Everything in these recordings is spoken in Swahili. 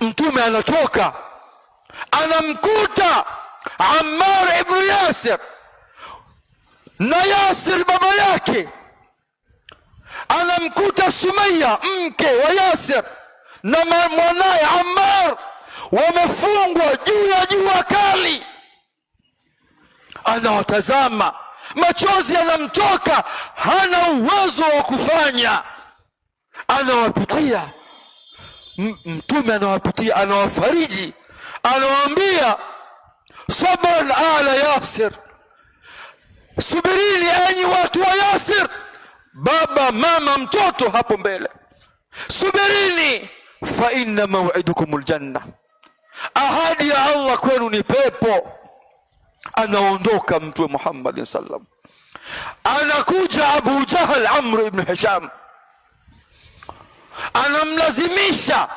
mtume anatoka anamkuta Ammar ibnu Yasir na Yasir baba yake, anamkuta Sumaya mke wa Yasir na mwanaye Ammar wamefungwa juu ya jua kali. Anawatazama, machozi yanamtoka, hana uwezo wa kufanya, anawapitia Mtume anawapitia, anawafariji, anawaambia sabran ala Yasir, subirini enyi watu wa Yasir, baba mama mtoto hapo mbele, subirini. Fa inna mau'idukum ljanna, ahadi ya Allah kwenu ni pepo. Anaondoka Mtume Muhammadin sallam, anakuja Abu Jahal, Amr ibnu Hisham anamlazimisha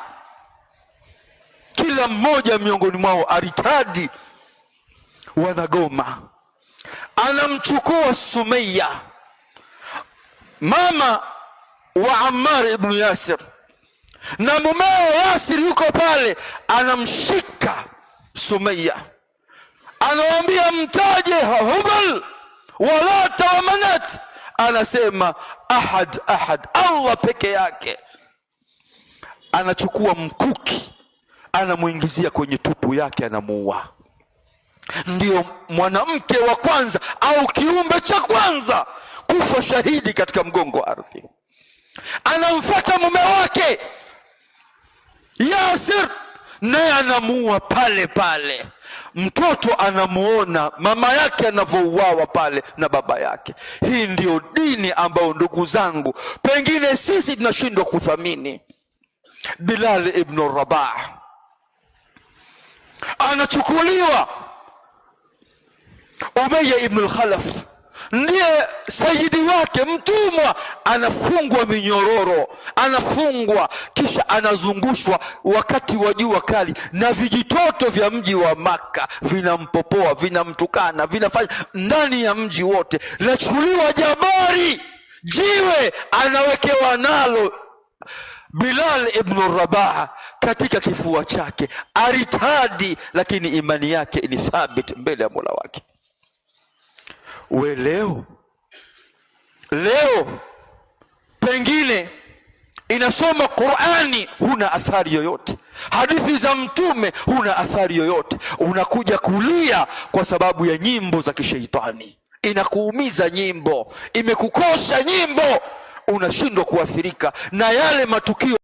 kila mmoja miongoni mwao aritadi wanagoma anamchukua Sumeya mama wa Ammar ibnu Yasir na mumeo Yasir yuko pale, anamshika Sumeya anawambia mtaje Hubal walata wa Manat, anasema ahad ahad, Allah peke yake anachukua mkuki anamwingizia kwenye tupu yake, anamuua. Ndiyo mwanamke wa kwanza au kiumbe cha kwanza kufa shahidi katika mgongo wa ardhi. Anamfuata mume wake Yasir, naye anamuua pale pale. Mtoto anamuona mama yake anavyouawa pale na baba yake. Hii ndiyo dini ambayo, ndugu zangu, pengine sisi tunashindwa kuthamini. Bilal ibn Rabah anachukuliwa Umayya al Khalaf ndiye sayidi wake, mtumwa anafungwa minyororo, anafungwa kisha anazungushwa wakati wa jua kali, na vijitoto vya mji wa Makka vinampopoa, vinamtukana, vinafanya ndani ya mji wote. nachukuliwa jabari, jiwe anawekewa nalo Bilal ibn Rabah katika kifua chake aritadi, lakini imani yake ni thabit mbele ya Mola wake. We leo leo pengine inasoma Qur'ani huna athari yoyote, hadithi za Mtume huna athari yoyote, unakuja kulia kwa sababu ya nyimbo za kisheitani. Inakuumiza nyimbo, imekukosha nyimbo unashindwa kuathirika na yale matukio.